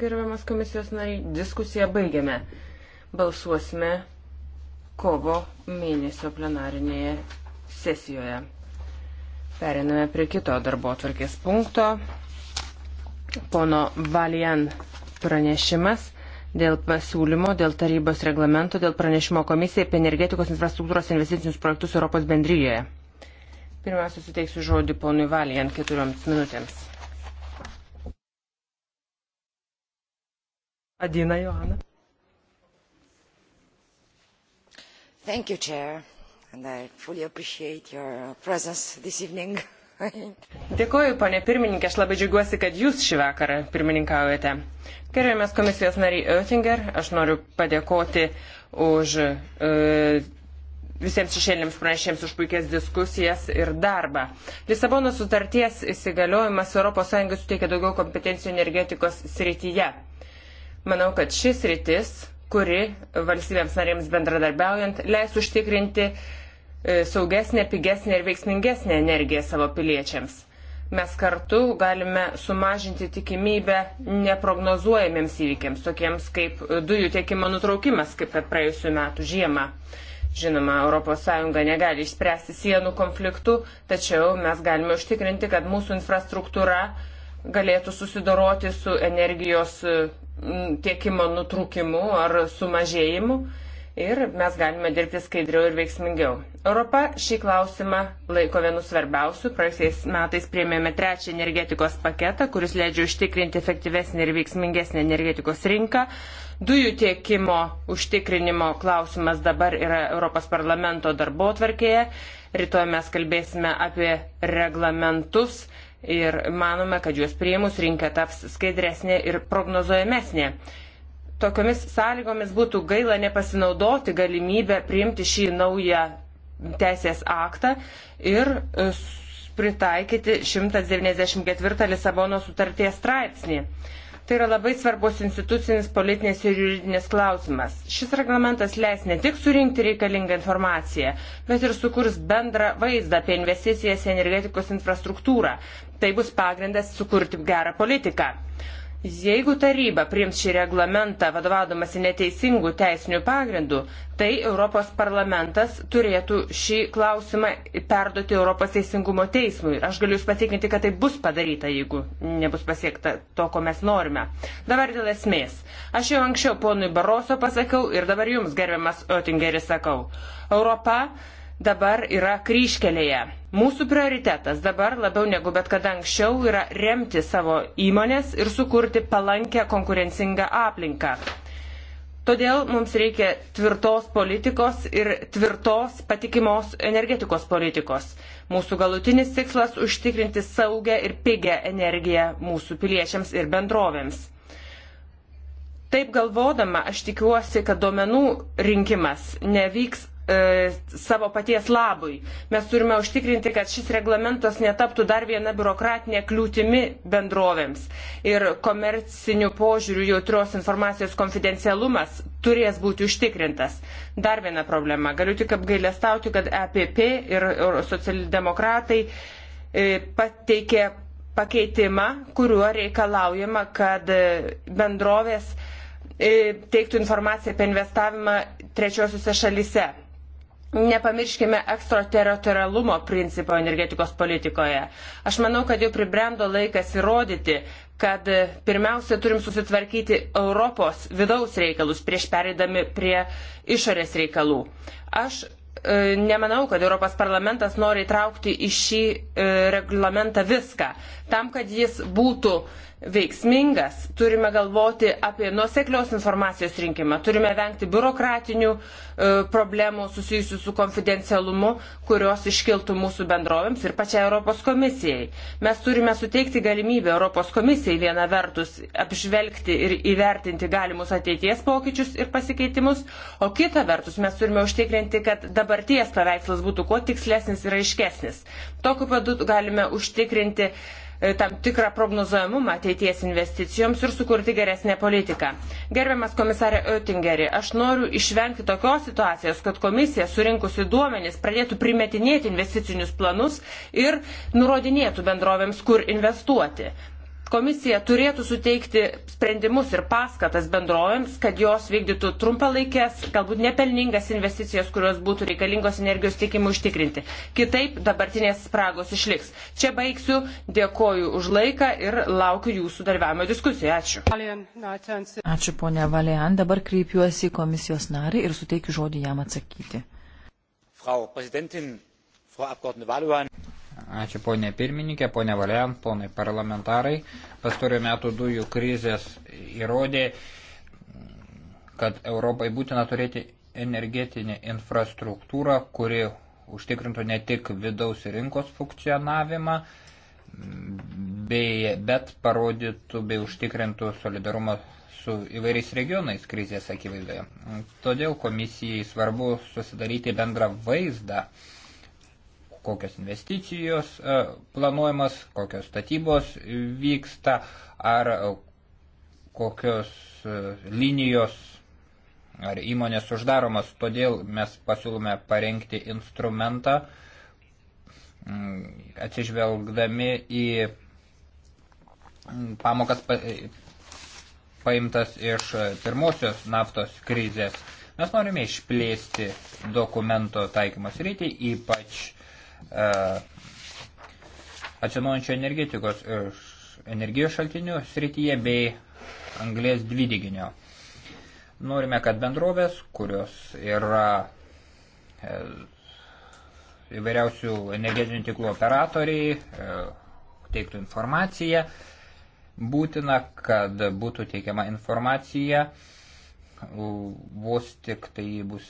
Gerbiamas komisijos nariai, diskusiją baigiame. Balsuosime kovo mėnesio plenarinėje sesijoje. Periname prie kito darbo atvarkės punkto. Pono Valian pranešimas dėl pasiūlymo, dėl tarybos reglamento, dėl pranešimo komisijai apie energetikos infrastruktūros investicinius projektus Europos bendryje. Pirmiausia, suteiksiu žodį ponui Valian keturioms minutėms. Adina Joana. Thank you, Chair, and I fully appreciate your presence this evening. Dėkoju, ponė pirmininkė, aš labai džiaugiuosi, kad jūs šį vakarą pirmininkaujate. Gerbiamas komisijos nariai Oettinger, aš noriu padėkoti už e, visiems šešėlėms pranešėms už puikias diskusijas ir darbą. Lisabono sutarties įsigaliojimas ES suteikia daugiau kompetencijų energetikos srityje. Manau, kad šis rytis, kuri valstybėms narėms bendradarbiaujant, leis užtikrinti e, saugesnė, pigesnė ir veiksmingesnė energija savo piliečiams. Mes kartu galime sumažinti tikimybę neprognozuojamiems įvykiams, tokiems kaip dujų tiekimo nutraukimas, kaip per praėjusiu metu žiemą. Žinoma, ES negali išspręsti sienų konfliktų, tačiau mes galime užtikrinti, kad mūsų infrastruktūra galėtų susidoroti su energijos e, tiekimo nutrūkimu ar sumažėjimu ir mes galime dirbti skaidriau ir veiksmingiau. Europa šį klausimą laiko vienu svarbiausių. Praėjusiais metais priemėme trečią energetikos paketą, kuris leidžia užtikrinti efektyvesnį ir veiksmingesnį energetikos rinką. Dujų tiekimo užtikrinimo klausimas dabar yra Europos parlamento darbo tvarkėje. Rytoj mes kalbėsime apie reglamentus ir manome, kad juos prieimus rinka taps skaidresnė ir prognozuojamesnė. Tokiomis sąlygomis būtų gaila nepasinaudoti galimybę priimti šį naują teisės aktą ir e, pritaikyti 194 Lisabono sutarties straipsnį. Tai yra labai svarbus institucinis, politinis ir juridinis klausimas. Šis reglamentas leis ne tik surinkti reikalingą informaciją, bet ir sukurs bendrą vaizdą apie investicijas į energetikos infrastruktūrą tai bus pagrindas sukurti gerą politiką. Jeigu taryba priims šį reglamentą vadovaudomasi neteisingų teisinių pagrindų, tai Europos parlamentas turėtų šį klausimą perduoti Europos teisingumo teismui. Aš galiu Jūs patikinti, kad tai bus padaryta, jeigu nebus pasiekta to, ko mes norime. Dabar dėl esmės. Aš jau anksčiau ponui Baroso pasakiau ir dabar Jums, gerbiamas Otingeris, sakau. Europa dabar yra kryškelėje. Mūsų prioritetas dabar labiau negu bet kada anksčiau yra remti savo įmonės ir sukurti palankę konkurencingą aplinką. Todėl mums reikia tvirtos politikos ir tvirtos patikimos energetikos politikos. Mūsų galutinis tikslas - užtikrinti saugę ir pigę energiją mūsų piliečiams ir bendrovėms. Taip galvodama, aš tikiuosi, kad duomenų rinkimas nevyks E, savo paties labui. Mes turime užtikrinti, kad šis reglamentas netaptų dar viena biurokratinė kliūtimi bendrovėms. Ir komercinių požiūrių jautrios informacijos konfidencialumas turės būti užtikrintas. Dar viena problema. Galiu tik apgailestauti, kad EPP ir socialdemokratai e, pateikė pakeitimą, kuriuo reikalaujama, kad bendrovės e, teiktų informaciją apie investavimą trečiosiuose šalyse. Nepamirškime ekstraterritorialumo principo energetikos politikoje. Aš manau, kad jau pribrendo laikas įrodyti, kad e, pirmiausia turim susitvarkyti Europos vidaus reikalus prieš pereidami prie išorės reikalų. Aš e, nemanau, kad Europos parlamentas nori įtraukti į šį e, reglamentą viską. Tam, kad jis būtų veiksmingas, turime galvoti apie nuoseklios informacijos rinkimą, turime vengti biurokratinių e, problemų susijusių su konfidencialumu, kurios iškiltų mūsų bendrovėms ir pačiai Europos komisijai. Mes turime suteikti galimybę Europos komisijai viena vertus apžvelgti ir įvertinti galimus ateities pokyčius ir pasikeitimus, o kita vertus mes turime užtikrinti, kad dabarties paveikslas būtų kuo tikslesnis ir aiškesnis. Tokiu būdu galime užtikrinti E, tam tikrą prognozuojamumą ateities investicijoms ir sukurti geresnę politiką. Gerbiamas komisarė Oettingeri, aš noriu išvengti tokios situacijos, kad komisija surinkusi duomenys pradėtų primetinėti investicinius planus ir nurodinėtų bendrovėms, kur investuoti. Komisija turėtų suteikti sprendimus ir paskatas bendrovėms, kad jos vykdytų trumpalaikės, galbūt nepelningas investicijas, kurios būtų reikalingos energijos tiekimui užtikrinti. Kitaip dabartinės spragos išliks. Čia baigsiu, dėkoju už laiką ir laukiu jūsų dalyvavimo diskusijoje. Ačiū. Ačiū ponia Valian, dabar kreipiuosi į komisijos narį ir suteikiu žodį jam atsakyti. Frau Präsidentin, Frau Abgeordnete Valuan. Ačiū ponė pirmininkė, ponė Valian, ponai parlamentarai. Pastorių metų dujų krizės įrodė, kad Europai būtina turėti energetinę infrastruktūrą, kuri užtikrintų ne tik vidaus rinkos funkcionavimą, bei, bet parodytų bei užtikrintų solidarumą su įvairiais regionais krizės akivaizdoje. Todėl komisijai svarbu susidaryti bendrą vaizdą kokios investicijos e, planuojamas, kokios statybos vyksta, ar kokios e, linijos ar įmonės uždaromas. Todėl mes pasiūlome parengti instrumentą atsižvelgdami į pamokas e, paimtas iš pirmosios naftos krizės. Mes norime išplėsti dokumento taikymas rytį, ypač E, atsinaujančio energetikos energijos šaltinių srityje bei anglės dvideginio. Norime, kad bendrovės, kurios yra e, įvairiausių energetinių tiklų operatoriai, e, teiktų informaciją. Būtina, kad būtų teikiama informacija, vos tik tai bus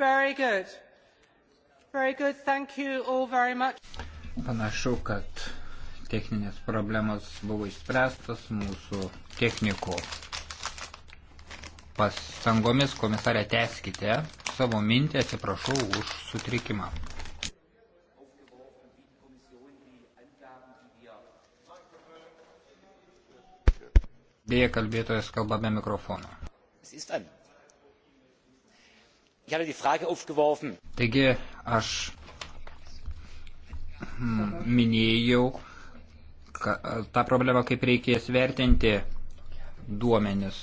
Very good. Very good. Thank you all very much. Panašu, kad techninės problemos buvo išspręstas mūsų technikų pastangomis. Komisarė, teskite savo mintį, atsiprašau už sutrikimą. Dėja kalbėtojas kalba be mikrofono. Taigi aš hm, minėjau ka, tą problemą, kaip reikės vertinti duomenis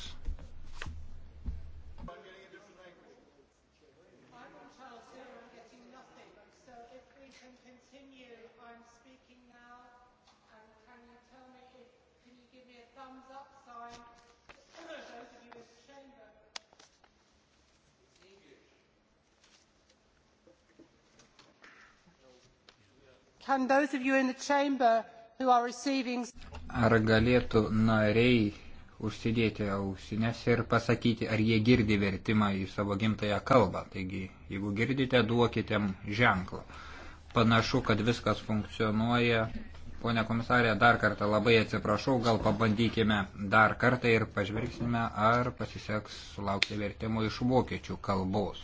Ar galėtų nariai užsidėti ausinės ir pasakyti, ar jie girdi vertimą į savo gimtają kalbą. Taigi, jeigu girdite, duokite ženklą. Panašu, kad viskas funkcionuoja. Pone komisarė, dar kartą labai atsiprašau, gal pabandykime dar kartą ir pažvelgsime, ar pasiseks sulaukti vertimo iš vokiečių kalbos.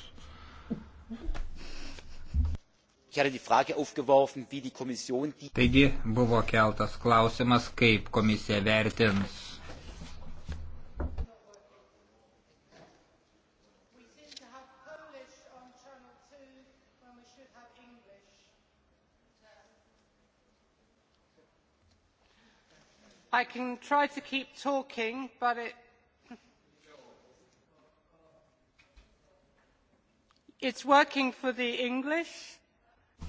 Taigi buvo keltas klausimas, kaip komisija vertins. I can try to keep talking, but it it's working for the English.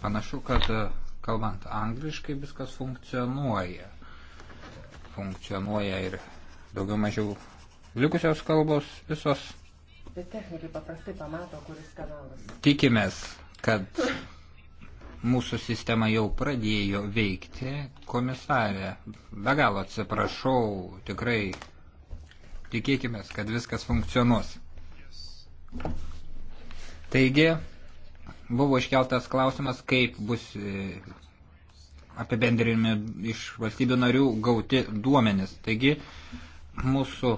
Panašu, kad e, kalbant angliškai viskas funkcionuoja. Funkcionuoja ir daugiau mažiau likusios kalbos visos. Bet tai technikai paprastai pamato, kuris kanalas. Tikimės, kad mūsų sistema jau pradėjo veikti. Komisarė, be galo atsiprašau, tikrai tikėkime, kad viskas funkcionuos. Taigi, buvo iškeltas klausimas, kaip bus e, apibendrinami iš valstybių narių gauti duomenis. Taigi mūsų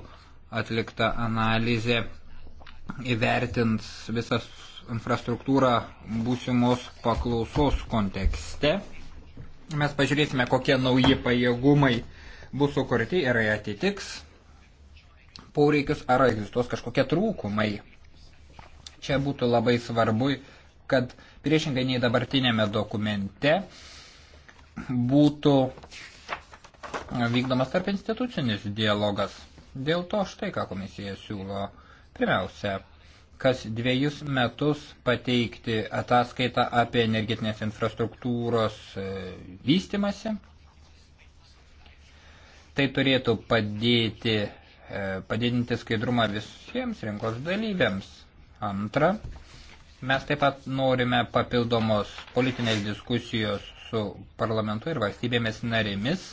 atlikta analizė įvertins visas infrastruktūrą būsimos paklausos kontekste. Mes pažiūrėsime, kokie nauji pajėgumai bus sukurti ir atitiks poreikius ar egzistuos kažkokie trūkumai. Čia būtų labai svarbu kad priešingai nei dabartinėme dokumente būtų vykdomas tarp institucinis dialogas. Dėl to štai ką komisija siūlo. Pirmiausia, kas dviejus metus pateikti ataskaitą apie energetinės infrastruktūros e, vystimasi. Tai turėtų padėti, e, padidinti skaidrumą visiems rinkos dalyviams. Antra, Mes taip pat norime papildomos politinės diskusijos su parlamentu ir valstybėmis narėmis,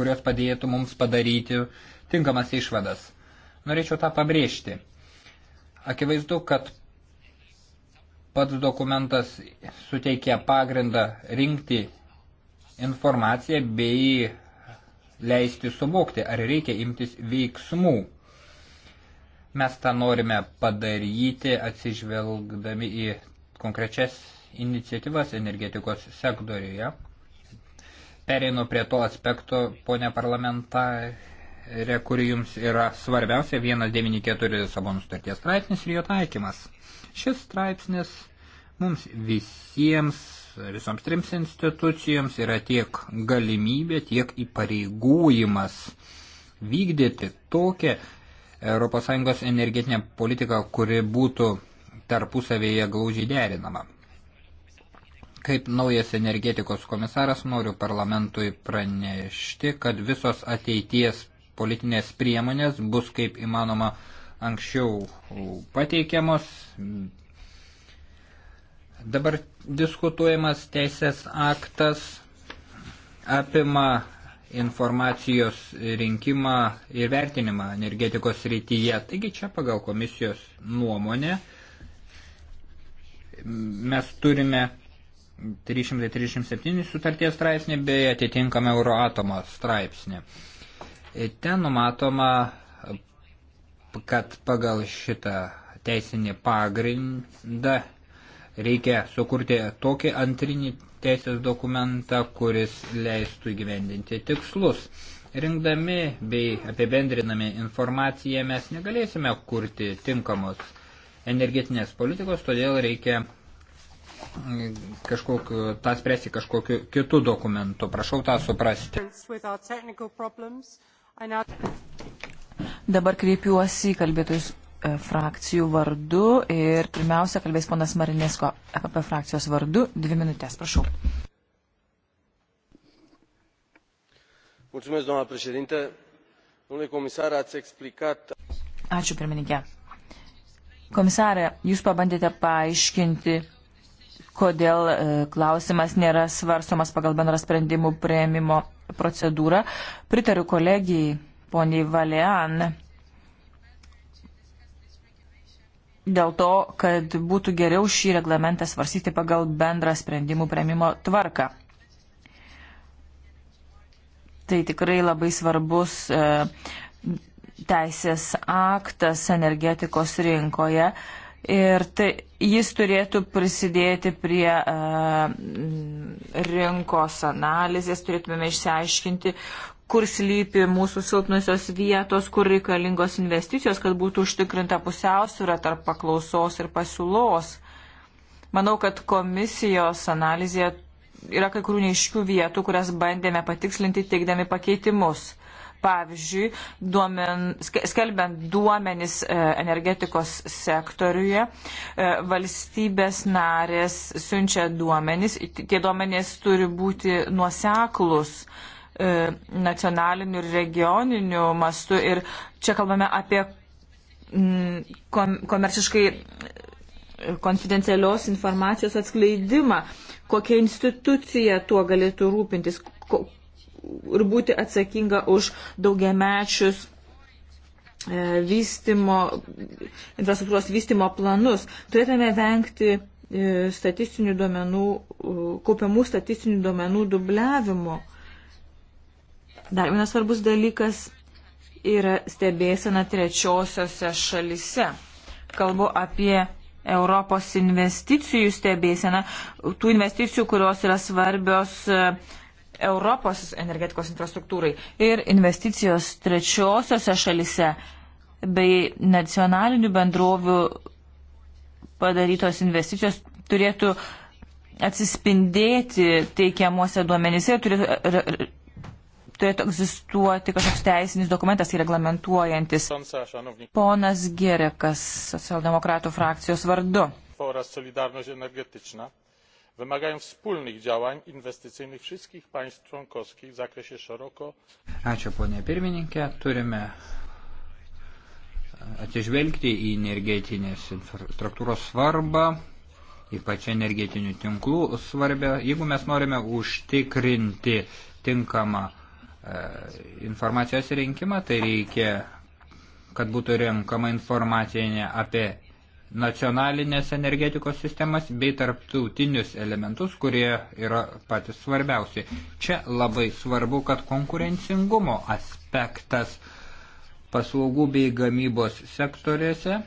kurios padėtų mums padaryti tinkamas išvadas. Norėčiau tą pabrėžti. Akivaizdu, kad pats dokumentas suteikia pagrindą rinkti informaciją bei leisti suvokti, ar reikia imtis veiksmų Mes tą norime padaryti atsižvelgdami į konkrečias iniciatyvas energetikos sektoriuje. Pereinu prie to aspekto, ponė parlamentarė, kuri jums yra svarbiausia, 194 Lisabono sutarties straipsnis ir jo taikymas. Šis straipsnis mums visiems, visoms trims institucijoms yra tiek galimybė, tiek įpareigojimas vykdyti tokią ES energetinę politiką, kuri būtų tarpusavėje glaužiai derinama. Kaip naujas energetikos komisaras noriu parlamentui pranešti, kad visos ateities politinės priemonės bus kaip įmanoma anksčiau pateikiamos. Dabar diskutuojamas teisės aktas apima informacijos rinkimą ir vertinimą energetikos rytyje. Taigi čia pagal komisijos nuomonę mes turime 337 sutarties straipsnį bei atitinkamą Euroatomą straipsnį. Ten numatoma, kad pagal šitą teisinį pagrindą Reikia sukurti tokį antrinį teisės dokumentą, kuris leistų įgyvendinti tikslus. Rinkdami bei apibendrinami informaciją mes negalėsime kurti tinkamos energetinės politikos, todėl reikia mm, kažkokiu, tą spręsti kažkokiu kitų dokumentų. Prašau tą suprasti. Dabar kreipiuosi į kalbėtojus E, frakcijų vardu ir pirmiausia kalbės ponas Marinesko EPP frakcijos vardu. Dvi minutės, prašau. Mulțumesc, doamna președinte. Domnule comisar, ați explicat... Ačiū, pirmininkė. Komisarė, jūs pabandėte paaiškinti, kodėl e, klausimas nėra svarstomas pagal bendrą sprendimų prieimimo procedūrą. Pritariu kolegijai, poniai Valean dėl to, kad būtų geriau šį reglamentą svarsyti pagal bendrą sprendimų prieimimo tvarką. Tai tikrai labai svarbus e, teisės aktas energetikos rinkoje ir tai, jis turėtų prisidėti prie e, rinkos analizės, turėtume išsiaiškinti, kur slypi mūsų silpnusios vietos, kur reikalingos investicijos, kad būtų užtikrinta pusiausvyrą tarp paklausos ir pasiūlos. Manau, kad komisijos analizėje yra kai kurių neiškių vietų, kurias bandėme patikslinti teikdami pakeitimus. Pavyzdžiui, duomen, skelbiant duomenis e, energetikos sektoriuje, e, valstybės narės siunčia duomenis, tie duomenys turi būti nuoseklus E, nacionaliniu ir regioniniu mastu. Ir čia kalbame apie mm, komerciškai e, konfidencialios informacijos atskleidimą, kokia institucija tuo galėtų rūpintis ir būti atsakinga už daugiamečius e, vystimo, infrastruktūros vystimo planus. Turėtume vengti statistinių duomenų, kaupiamų statistinių duomenų dubliavimo. Dar vienas svarbus dalykas yra stebėsena trečiosiose šalise. Kalbu apie Europos investicijų stebėseną, tų investicijų, kurios yra svarbios e, Europos energetikos infrastruktūrai ir investicijos trečiosiose šalise bei nacionalinių bendrovių padarytos investicijos turėtų atsispindėti teikiamuose duomenyse ir turėtų turėtų egzistuoti kažkoks teisinis dokumentas reglamentuojantis. Ponas Gerekas, socialdemokratų frakcijos vardu. Wymagają wspólnych działań inwestycyjnych wszystkich państw członkowskich w zakresie szeroko. Ačiū, ponė pirmininkė. Turime e, atsižvelgti į energetinės infrastruktūros svarbą, ypač energetinių tinklų svarbę, jeigu mes norime užtikrinti tinkamą E, informacijos rinkimą, tai reikia, kad būtų renkama informacija apie nacionalinės energetikos sistemas bei tarptautinius elementus, kurie yra patys svarbiausi. Čia labai svarbu, kad konkurencingumo aspektas paslaugų bei gamybos sektorėse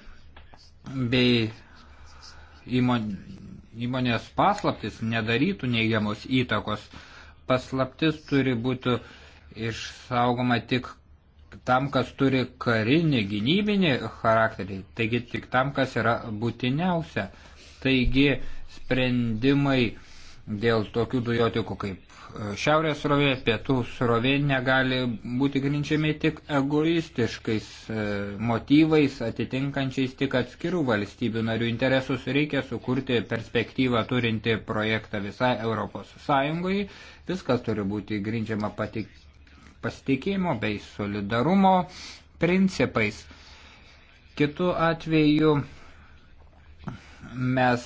bei įmonės paslaptis nedarytų neigiamos įtakos. Paslaptis turi būti išsaugoma tik tam, kas turi karinį, gynybinį charakterį, taigi tik tam, kas yra būtiniausia. Taigi sprendimai dėl tokių dujotikų kaip e, šiaurės srovė, pietų srovė negali būti grinčiami tik egoistiškais e, motyvais, atitinkančiais tik atskirų valstybių narių interesus. Reikia sukurti perspektyvą turinti projektą visai Europos Sąjungoje. Viskas turi būti grindžiama patik pasitikėjimo bei solidarumo principais. Kitu atveju mes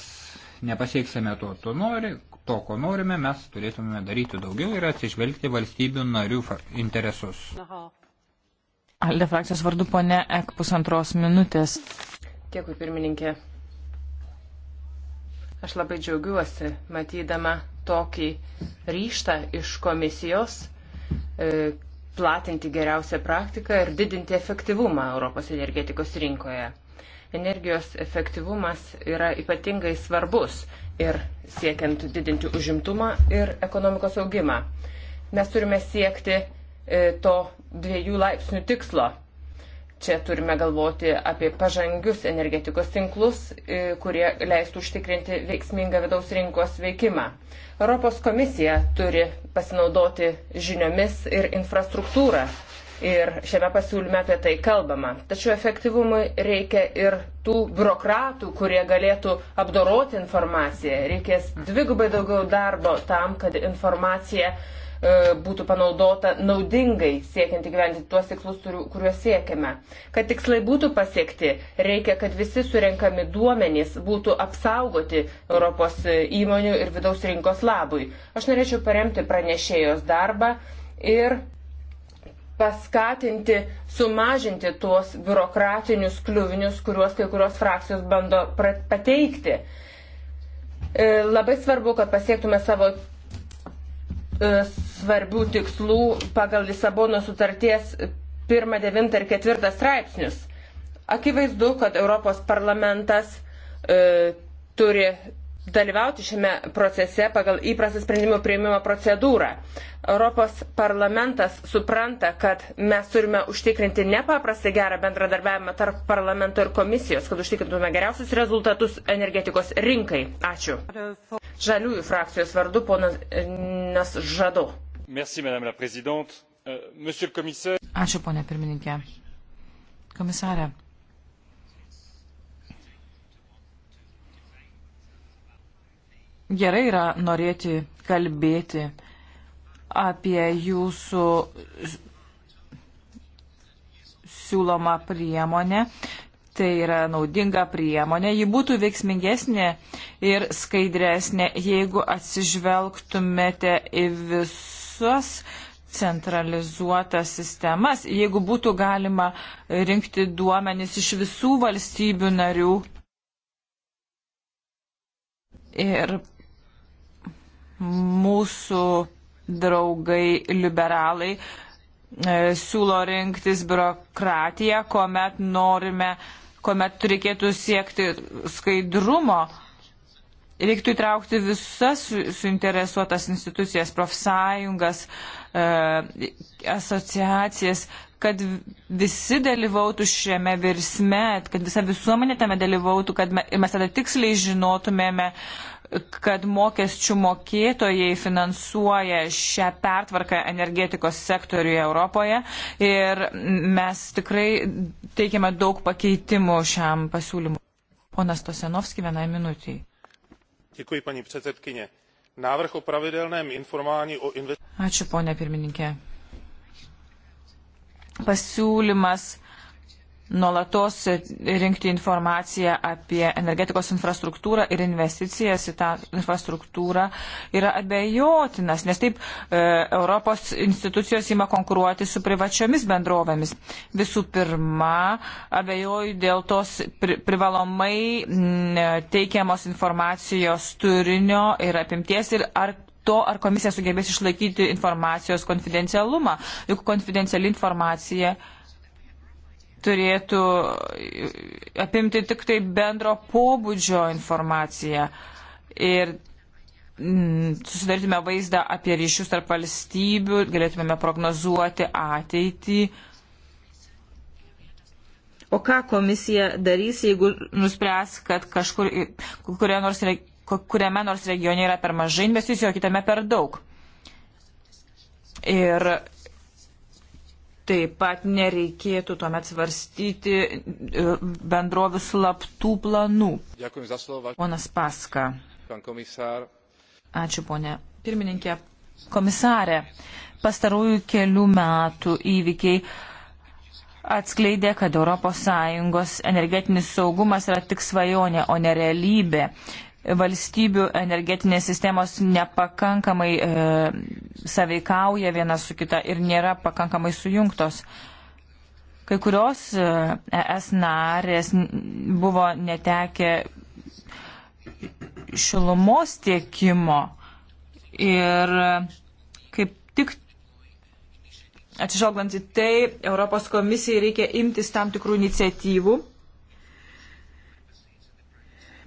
nepasieksime to, to, nori, to, ko norime, mes turėtume daryti daugiau ir atsižvelgti valstybių narių interesus. Alde frakcijos vardu pone Ek pusantros minutės. Dėkui pirmininkė. Aš labai džiaugiuosi matydama tokį ryštą iš komisijos e, platinti geriausią praktiką ir didinti efektyvumą Europos energetikos rinkoje. Energijos efektyvumas yra ypatingai svarbus ir siekiant didinti užimtumą ir ekonomikos augimą. Mes turime siekti e, to dviejų laipsnių tikslo Čia turime galvoti apie pažangius energetikos tinklus, e, kurie leistų užtikrinti veiksmingą vidaus rinkos veikimą. Europos komisija turi pasinaudoti žiniomis ir infrastruktūrą. Ir šiame pasiūlyme apie tai kalbama. Tačiau efektyvumui reikia ir tų biurokratų, kurie galėtų apdoroti informaciją. Reikės dvigubai daugiau darbo tam, kad informacija uh, E, būtų panaudota naudingai siekiant įgyventi tuos tikslus, kuriuos siekiame. Kad tikslai būtų pasiekti, reikia, kad visi surinkami duomenys būtų apsaugoti Europos įmonių ir vidaus rinkos labui. Aš norėčiau paremti pranešėjos darbą ir paskatinti, sumažinti tuos biurokratinius kliuvinius, kuriuos kai kurios frakcijos bando pateikti. E, labai svarbu, kad pasiektume savo e, svarbių tikslų pagal Lisabono sutarties 1, 9 ir 4 straipsnius. Akivaizdu, kad Europos parlamentas e, turi dalyvauti šiame procese pagal įprastą sprendimų prieimimo procedūrą. Europos parlamentas supranta, kad mes turime užtikrinti nepaprastai gerą bendradarbiavimą tarp parlamento ir komisijos, kad užtikrintume geriausius rezultatus energetikos rinkai. Ačiū. Žaliųjų frakcijos vardu ponas Žado. Merci, madame la présidente. Euh, monsieur le commissaire. Ačiū, ponė pirmininkė. Komisarė. Gerai yra norėti kalbėti apie jūsų siūloma priemonė. Tai yra naudinga priemonė. Ji būtų veiksmingesnė ir skaidresnė, jeigu atsižvelgtumėte į visus visus centralizuotas sistemas, jeigu būtų galima rinkti duomenis iš visų valstybių narių. Ir mūsų draugai liberalai e, siūlo rinktis biurokratiją, kuomet norime, kuomet reikėtų siekti skaidrumo reiktų įtraukti visas suinteresuotas institucijas, profsąjungas, e, asociacijas, kad visi dalyvautų šiame virsme, kad visa visuomenė tame dalyvautų, kad mes tada tiksliai žinotumėme, kad mokesčių mokėtojai finansuoja šią pertvarką energetikos sektoriuje Europoje ir mes tikrai teikiame daug pakeitimų šiam pasiūlymui. Ponas Tosenovski, vienai minutiai. Děkuji, paní předsedkyně. Návrh o pravidelném informování o investicích. Ačiū, ponė pirmininkė. Pasiūlymas nuolatos rinkti informaciją apie energetikos infrastruktūrą ir investicijas į tą infrastruktūrą yra abejotinas, nes taip e, Europos institucijos ima konkuruoti su privačiomis bendrovėmis. Visų pirma, abejoju dėl tos pri, privalomai m, teikiamos informacijos turinio ir apimties ir ar to, ar komisija sugebės išlaikyti informacijos konfidencialumą, juk konfidenciali informacija turėtų apimti tik tai bendro pobūdžio informaciją ir mm, susidarytume vaizdą apie ryšius tarp valstybių, galėtumėme prognozuoti ateitį. O ką komisija darys, jeigu nuspręs, kad kažkur, nors, kuriame nors regione yra per mažai investicijų, o kitame per daug? Ir Taip pat nereikėtų tuomet svarstyti e, bendrovių slaptų planų. Ponas Paska. Ačiū, ponė. Pirmininkė, komisarė, pastarųjų kelių metų įvykiai atskleidė, kad ES energetinis saugumas yra tik svajonė, o ne realybė valstybių energetinės sistemos nepakankamai e, saveikauja viena su kita ir nėra pakankamai sujungtos. Kai kurios ES e narės buvo netekę šilumos tiekimo ir e, kaip tik atsižvelgiant į tai, Europos komisijai reikia imtis tam tikrų iniciatyvų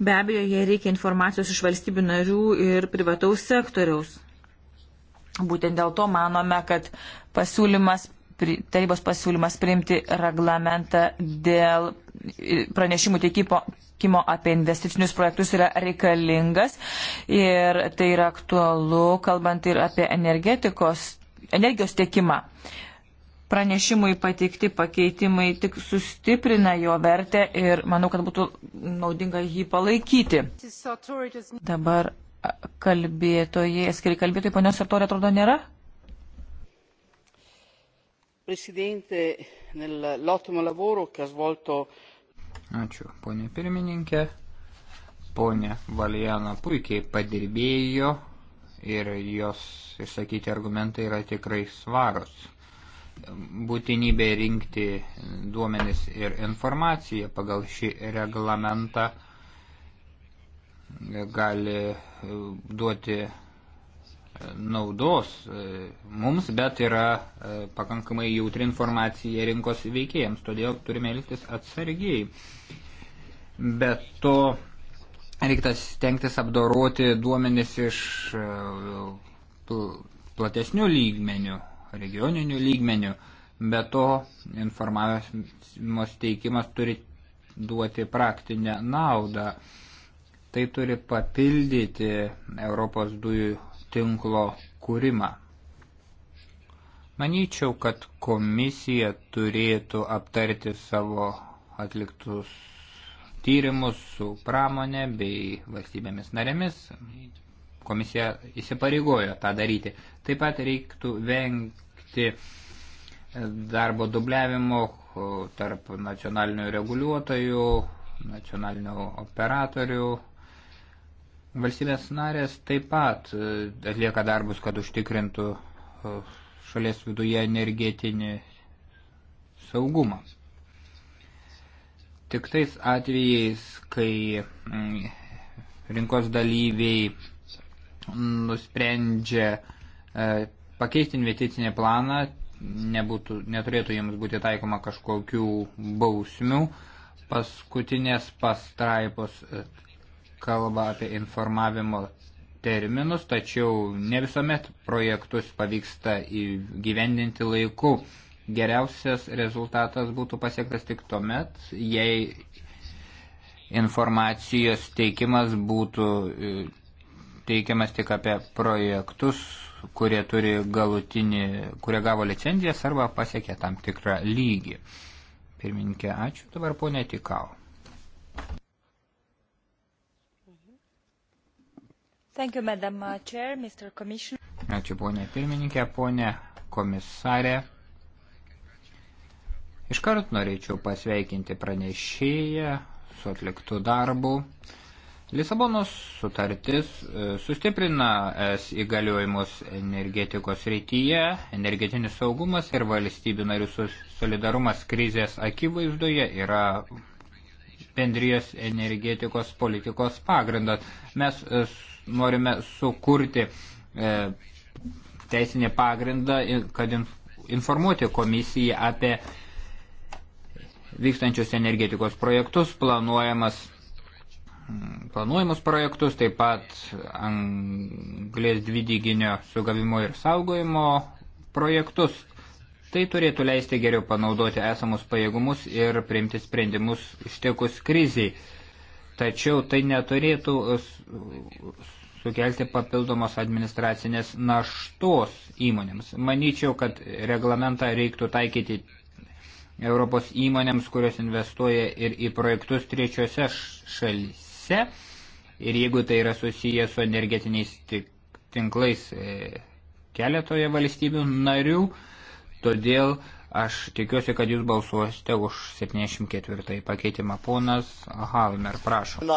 Be abejo, jie reikia informacijos iš valstybių narių ir privataus sektoriaus. Būtent dėl to manome, kad pasiūlymas, tarybos pasiūlymas priimti reglamentą dėl pranešimų teikimo apie investicinius projektus yra reikalingas ir tai yra aktualu, kalbant ir apie energetikos, energijos tiekimą. Uh, pranešimui pateikti pakeitimai tik sustiprina jo vertę ir manau, kad būtų naudinga jį palaikyti. Dabar kalbėtojai, skiri kalbėtojai, ponios Sartorė atrodo nėra? Ačiū, ponė pirmininkė. Ponė Valijana puikiai padirbėjo ir jos išsakyti argumentai yra tikrai svarus būtinybė rinkti duomenis ir informaciją pagal šį reglamentą gali e, duoti e, naudos e, mums, bet yra pakankamai jautri informacija rinkos veikėjams, todėl turime elgtis atsargiai. Bet to reikia stengtis apdoroti duomenis iš platesnių lygmenių regioniniu lygmeniu, bet to informavimos teikimas turi duoti praktinę naudą. Tai turi papildyti Europos dujų tinklo kūrimą. Manyčiau, kad komisija turėtų aptarti savo atliktus tyrimus su pramonė bei valstybėmis narėmis, Komisija įsipareigojo tą daryti. Taip pat reiktų vengti e, darbo dubliavimo e, tarp nacionalinių reguliuotojų, nacionalinių operatorių. Valstybės narės taip pat e, atlieka darbus, kad užtikrintų šalies viduje energetinį saugumą. Tik tais atvejais, kai mm, rinkos dalyviai nusprendžia e, pakeisti investicinį planą, nebūtų, neturėtų jiems būti taikoma kažkokių bausmių. Paskutinės pastraipos e, kalba apie informavimo terminus, tačiau ne visuomet projektus pavyksta įgyvendinti laiku. Geriausias rezultatas būtų pasiektas tik tuomet, jei informacijos teikimas būtų e, teikiamas tik apie projektus, kurie turi galutinį, kurie gavo licenzijas arba pasiekė tam tikrą lygį. Pirmininkė, ačiū, dabar ponė Tikau. Thank you, Madam uh, Chair, Mr. Commissioner. Ačiū, ponė pirmininkė, ponė komisarė. Iškart norėčiau pasveikinti pranešėją su atliktu darbu. Lisabonos sutartis e, sustiprina es įgaliojimus energetikos rytyje, energetinis saugumas ir valstybių narių solidarumas krizės akivaizdoje yra bendrijos energetikos politikos pagrindas. Mes e, norime sukurti e, teisinį pagrindą, kad informuoti komisiją apie vykstančius energetikos projektus, planuojamas planuojamus projektus, taip pat anglės dvideginio sugavimo ir saugojimo projektus. Tai turėtų leisti geriau panaudoti esamus pajėgumus ir priimti sprendimus ištekus kriziai. Tačiau tai neturėtų sukelti papildomos administracinės naštos įmonėms. Manyčiau, kad reglamentą reiktų taikyti Europos įmonėms, kurios investuoja ir į projektus trečiose šalyse šalyse ir jeigu tai yra susiję su energetiniais tinklais e, keletoje valstybių narių, todėl aš tikiuosi, kad jūs balsuosite už 74 pakeitimą. Ponas Halmer, prašom.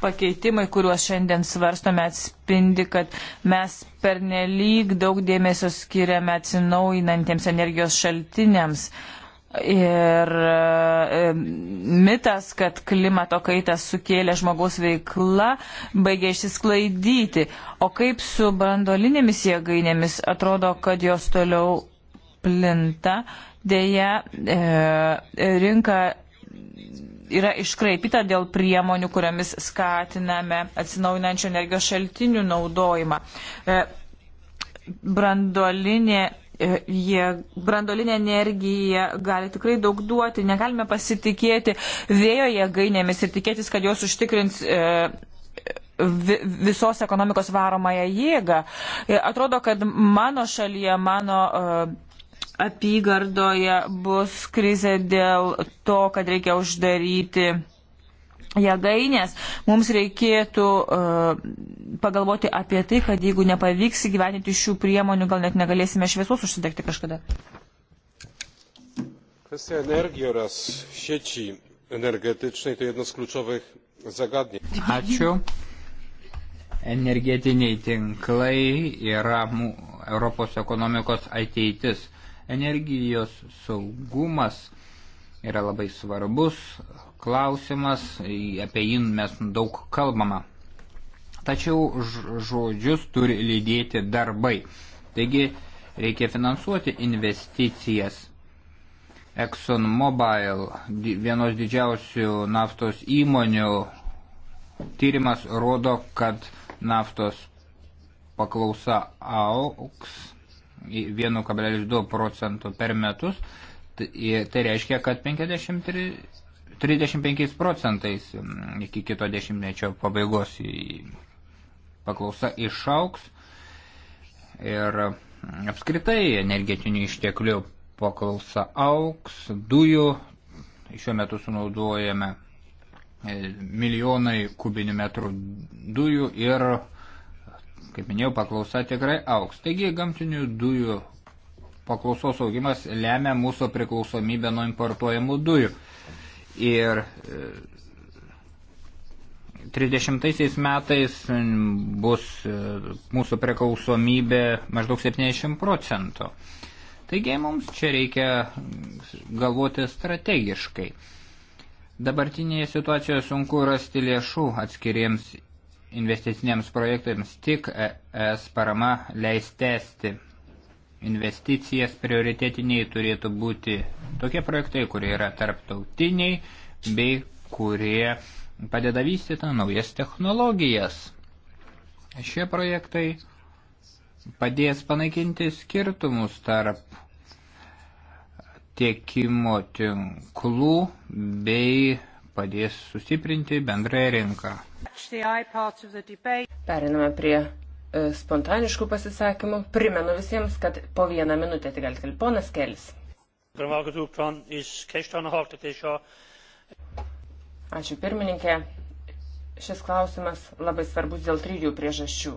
Pakeitimai, kuriuos šiandien svarstome, atspindi, kad mes pernelyg daug dėmesio skiriame atsinaujinantiems energijos šaltiniams. Uh, Ir e, mitas, kad klimato kaitą sukėlė žmogaus veikla, baigė išsisklaidyti. O kaip su brandolinėmis jėgainėmis atrodo, kad jos toliau plinta, dėja e, rinka yra iškraipyta dėl priemonių, kuriamis skatiname atsinaujinančių energijos šaltinių naudojimą. E, brandolinė E, jie brandolinė energija gali tikrai daug duoti, negalime pasitikėti vėjo jėgainėmis ir tikėtis, kad jos užtikrins e, visos ekonomikos varomąją jėgą. E, atrodo, kad mano šalyje, mano e, apygardoje bus krize dėl to, kad reikia uždaryti jėgainės, mums reikėtų uh, pagalvoti apie tai, kad jeigu nepavyks įgyveninti šių priemonių, gal net negalėsime šviesos užsidegti kažkada. Kwestia energii oraz sieci energetycznej to jedno z kluczowych zagadnień. Ačiū. Energetiniai tinklai yra Europos ekonomikos ateitis. Energijos saugumas yra labai svarbus klausimas, apie jį mes daug kalbama. Tačiau žodžius turi lydėti darbai. Taigi reikia finansuoti investicijas. Exxon Mobil, vienos didžiausių naftos įmonių, tyrimas rodo, kad naftos paklausa auks 1,2 procentų per metus. Tai, tai reiškia, kad 53 35 procentais mm, iki kito dešimtmečio pabaigos paklausa išauks ir mm, apskritai energetinių išteklių paklausa auks, dujų šiuo metu sunaudojame e, milijonai kubinių metrų dujų ir, kaip minėjau, paklausa tikrai auks. Taigi gamtinių dujų paklausos augimas lemia mūsų priklausomybę nuo importuojamų dujų. Ir 30 e, metais bus e, mūsų priklausomybė maždaug 70 procentų. Taigi mums čia reikia galvoti strategiškai. Dabartinėje situacijoje sunku rasti lėšų atskiriems investiciniams projektams, tik ES parama leis tęsti investicijas prioritetiniai turėtų būti tokie projektai, kurie yra tarptautiniai bei kurie padeda vystyti naujas technologijas. Šie projektai padės panaikinti skirtumus tarp tiekimo tinklų bei padės sustiprinti bendrąją rinką. Periname prie E, spontaniškų pasisakymų. Primenu visiems, kad po vieną minutę tik galite kalbėti. Ponas Kelis. Ačiū pirmininkė. Šis klausimas labai svarbus dėl trijų priežasčių.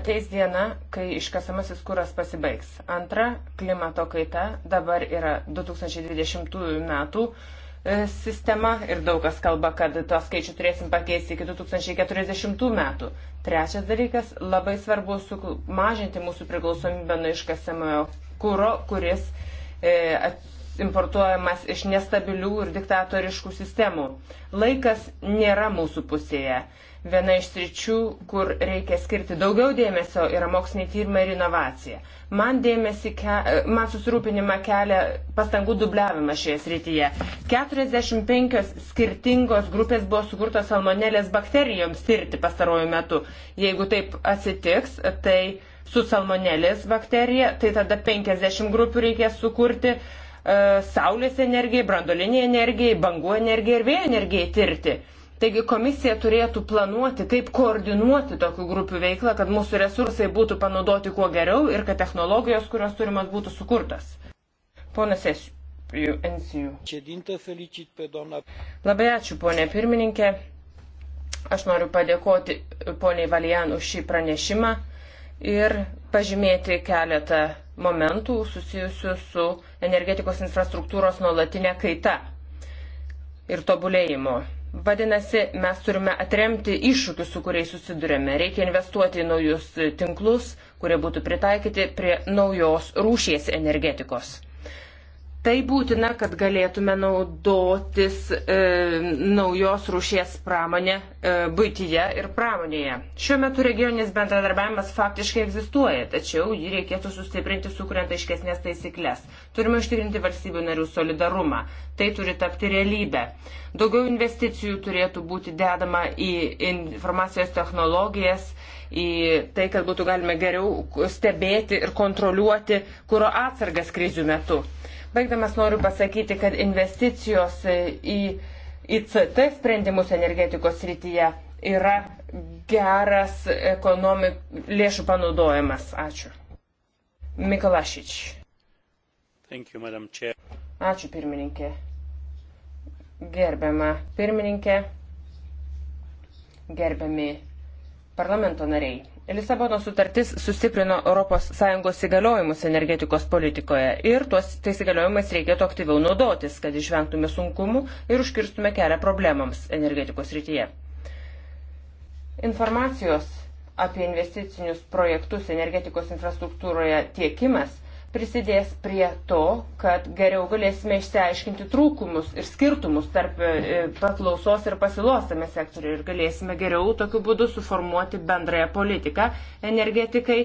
Ateis diena, kai iškasamasis kuras pasibaigs. Antra, klimato kaita dabar yra 2020 metų E, sistema ir daug kas kalba, kad tą skaičių turėsim pakeisti iki 2040 metų. Trečias dalykas, labai svarbu sumažinti mūsų priklausomybę nuo iškasimojo kūro, kuris e, importuojamas iš nestabilių ir diktatoriškų sistemų. Laikas nėra mūsų pusėje. Viena iš sričių, kur reikia skirti daugiau dėmesio, yra moksliniai tyrimai ir inovacija. Man, ke, man susirūpinimą kelia pastangų dubliavimas šioje srityje. 45 skirtingos grupės buvo sukurtos salmonelės bakterijoms tirti pastarojų metų. Jeigu taip atsitiks, tai su salmonelės bakterija, tai tada 50 grupių reikės sukurti, E, saulės energijai, brandoliniai energijai, bangų energijai ir vėjo energijai tirti. Taigi komisija turėtų planuoti, kaip koordinuoti tokių grupių veiklą, kad mūsų resursai būtų panaudoti kuo geriau ir kad technologijos, kurios turimas, būtų sukurtas. Ponas Ensijų. Labai ačiū, ponė pirmininkė. Aš noriu padėkoti poniai Valijan už šį pranešimą ir pažymėti keletą momentų susijusių su energetikos infrastruktūros nuolatinė kaita ir tobulėjimu. Vadinasi, mes turime atremti iššūkius, su kuriais susidurėme. Reikia investuoti į naujus tinklus, kurie būtų pritaikyti prie naujos rūšies energetikos. Tai būtina, kad galėtume naudotis e, naujos rūšies pramonė e, būtyje ir pramonėje. Šiuo metu regioninis bendradarbiavimas faktiškai egzistuoja, tačiau jį reikėtų sustiprinti sukuriant aiškesnės taisyklės. Turime užtikrinti valstybių narių solidarumą. Tai turi tapti realybę. Daugiau investicijų turėtų būti dedama į informacijos technologijas į tai, kad būtų galima geriau stebėti ir kontroliuoti kūro atsargas krizių metu. Baigdamas noriu pasakyti, kad investicijos į ICT sprendimus energetikos srityje yra geras ekonomik, lėšų panaudojimas. Ačiū. Mikolašič. You, Ačiū pirmininkė. Gerbiama pirmininkė, gerbiami parlamento nariai. Lisabono sutartis sustiprino ES įgaliojimus energetikos politikoje ir tuos tais įgaliojimais reikėtų aktyviau naudotis, kad išvengtume sunkumų ir užkirstume kelią problemams energetikos rytyje. Informacijos apie investicinius projektus energetikos infrastruktūroje tiekimas prisidės prie to, kad geriau galėsime išsiaiškinti trūkumus ir skirtumus tarp e, paklausos ir pasiūlos tame sektoriuje ir galėsime geriau tokiu būdu suformuoti bendrąją politiką energetikai,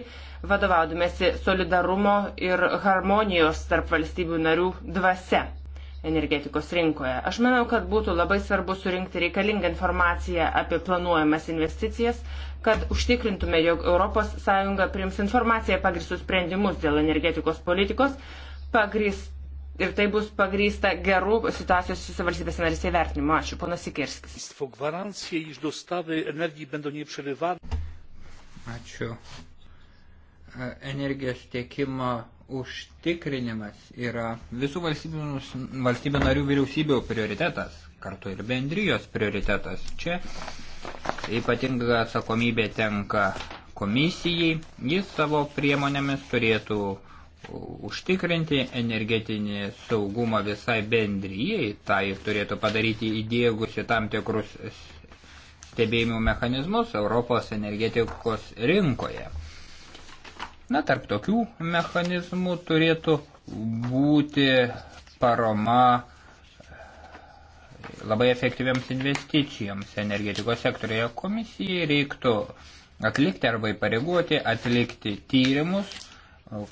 vadovaudomėsi solidarumo ir harmonijos tarp valstybių narių dvasia energetikos rinkoje. Aš manau, kad būtų labai svarbu surinkti reikalingą informaciją apie planuojamas investicijas, kad užtikrintume, jog ES priims informaciją pagristus sprendimus dėl energetikos politikos pagrist, ir tai bus pagrysta gerų situacijos valstybės narės įvertinimu. Ačiū, ponas Sikirskis. Ačiū. E, energijos tiekimo užtikrinimas yra visų valstybių, valstybių narių vyriausybių prioritetas, kartu ir bendrijos prioritetas. Čia ypatinga atsakomybė tenka komisijai. Jis savo priemonėmis turėtų užtikrinti energetinį saugumą visai bendryjei. Tai turėtų padaryti įdėgusi tam tikrus stebėjimų mechanizmus Europos energetikos rinkoje. Na, tarp tokių mechanizmų turėtų būti paroma labai efektyviams investicijoms energetikos sektorioje komisijai reiktų atlikti arba įpareigoti atlikti tyrimus,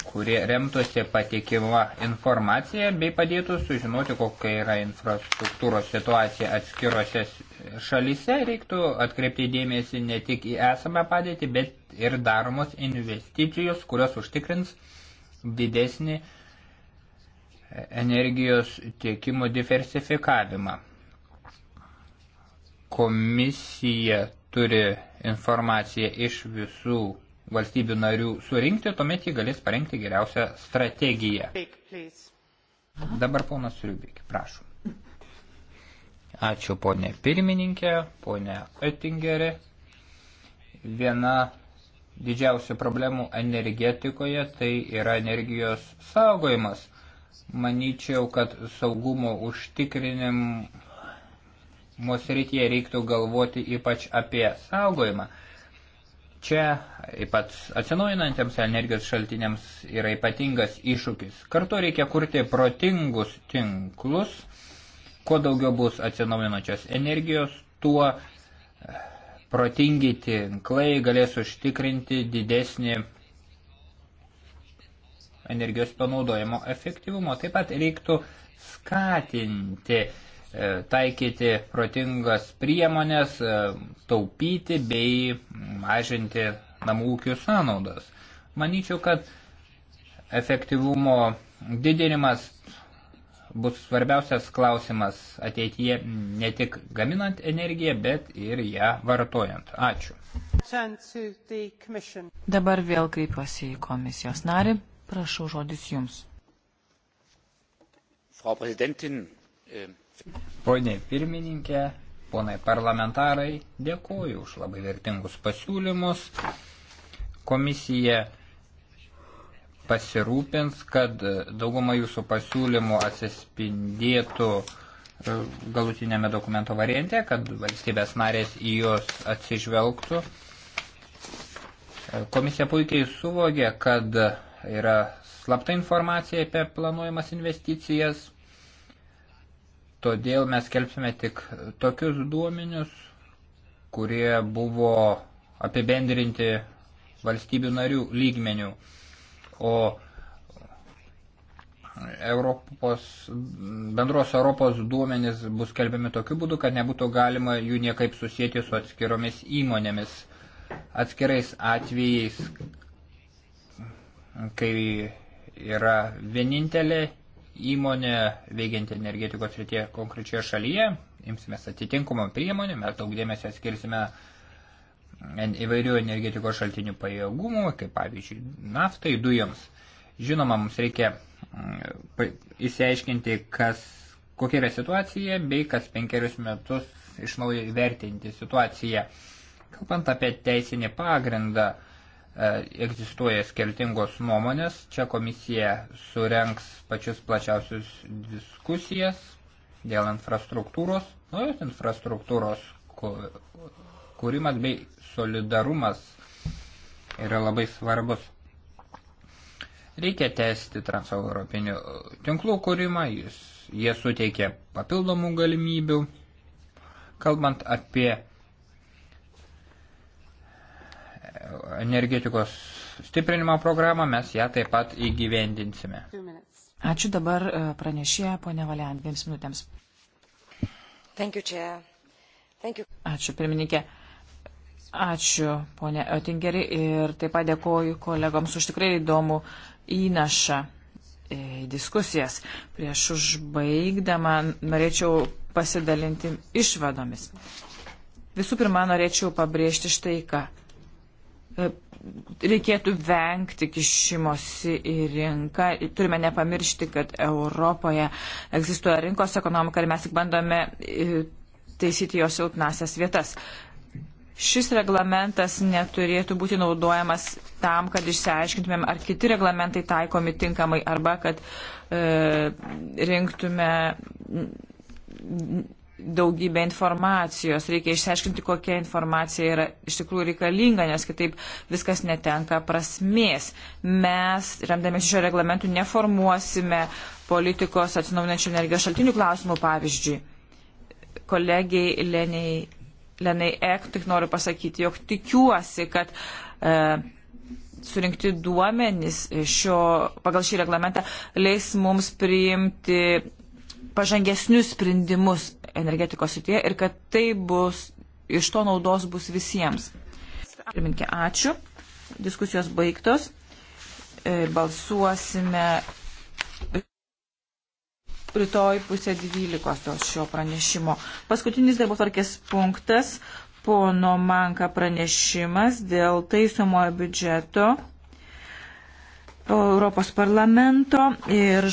kurie remtųsi patikima informacija bei padėtų sužinoti, kokia yra infrastruktūros situacija atskirose šalyse. Reiktų atkreipti dėmesį ne tik į esamą padėtį, bet ir daromos investicijos, kurios užtikrins didesnį energijos tiekimo diversifikavimą komisija turi informaciją iš visų valstybių narių surinkti, tuomet jį galės parengti geriausią strategiją. Dabar ponas Riubik, prašom. Ačiū ponė pirmininkė, ponė Oettingerė. Viena didžiausių problemų energetikoje tai yra energijos saugojimas. Manyčiau, kad saugumo užtikrinim mūsų rytyje reiktų galvoti ypač apie saugojimą. Čia ypač atsinaujinantiems energijos šaltiniams yra ypatingas iššūkis. Kartu reikia kurti protingus tinklus. Kuo daugiau bus atsinaujinančios energijos, tuo eh, protingi tinklai galės užtikrinti didesnį energijos panaudojimo efektyvumo. Taip pat reiktų skatinti uh, E, taikyti protingas priemonės, e, taupyti bei mažinti namų ūkių sąnaudas. Manyčiau, kad efektyvumo didinimas bus svarbiausias klausimas ateityje ne tik gaminant energiją, bet ir ją vartojant. Ačiū. Dabar vėl kreipiuosi į komisijos narį. Prašau žodis jums. Frau Präsidentin, äh, Pone pirmininkė, ponai parlamentarai, dėkuoju už labai vertingus pasiūlymus. Komisija pasirūpins, kad dauguma jūsų pasiūlymų atsispindėtų e, galutinėme dokumento variante, kad valstybės narės į juos atsižvelgtų. E, komisija puikiai suvokė, kad yra slapta informacija apie planuojamas investicijas. Todėl mes kelpsime tik tokius duomenius, kurie buvo apibendrinti valstybių narių lygmenių. O Europos, bendros Europos duomenys bus kelbiami tokiu būdu, kad nebūtų galima jų niekaip susijęti su atskiromis įmonėmis. Atskirais atvejais, kai yra vienintelė įmonė veikianti energetikos rytie konkrečioje šalyje, imsimės atitinkamą priemonę, mes daug dėmesio skirsime įvairių energetikos šaltinių pajėgumų, kaip pavyzdžiui naftai, dujoms. Žinoma, mums reikia įsiaiškinti, mm, kas, kokia yra situacija, bei kas penkerius metus iš naujo įvertinti situaciją. Kalbant apie teisinį pagrindą, E, egzistuoja skirtingos nuomonės. Čia komisija surenks pačius plačiausius diskusijas dėl infrastruktūros, naujos infrastruktūros kūrimas bei solidarumas yra labai svarbus. Reikia tęsti transeuropinių tinklų kūrimą, jis, jie suteikia papildomų galimybių. Kalbant apie energetikos stiprinimo programą, mes ją taip pat įgyvendinsime. Ačiū dabar e, pranešėja ponė Valiant dviems minutėms. Thank you, Chair. Thank you. Ačiū, pirmininkė. Ačiū, ponė Otingeri, ir taip pat dėkoju kolegoms už tikrai įdomų įnašą e, į diskusijas. Prieš užbaigdama norėčiau pasidalinti išvadomis. Visų pirma, norėčiau pabrėžti štai ką reikėtų vengti kišimosi į rinką. Turime nepamiršti, kad Europoje egzistuoja rinkos ekonomika ir mes tik bandome e, taisyti jos silpnasias vietas. Šis reglamentas neturėtų būti naudojamas tam, kad išsiaiškintumėm, ar kiti reglamentai taikomi tinkamai, arba kad e, rinktume daugybę informacijos. Reikia išsiaiškinti, kokia informacija yra iš tikrųjų reikalinga, nes kitaip viskas netenka prasmės. Mes, remdamės šio reglamentų, neformuosime politikos atsinaujinančių energijos šaltinių klausimų, pavyzdžiui. Kolegiai Leniai, Lenai Ek, tik noriu pasakyti, jog tikiuosi, kad e, surinkti duomenys šio, pagal šį reglamentą leis mums priimti pažangesnius sprendimus energetikos srityje ir kad tai bus, iš to naudos bus visiems. Pirminkė, ačiū. Diskusijos baigtos. E, balsuosime rytoj pusė dvylikos dėl šio pranešimo. Paskutinis darbo tvarkės punktas - pono Manka pranešimas dėl taisomojo biudžeto Europos parlamento ir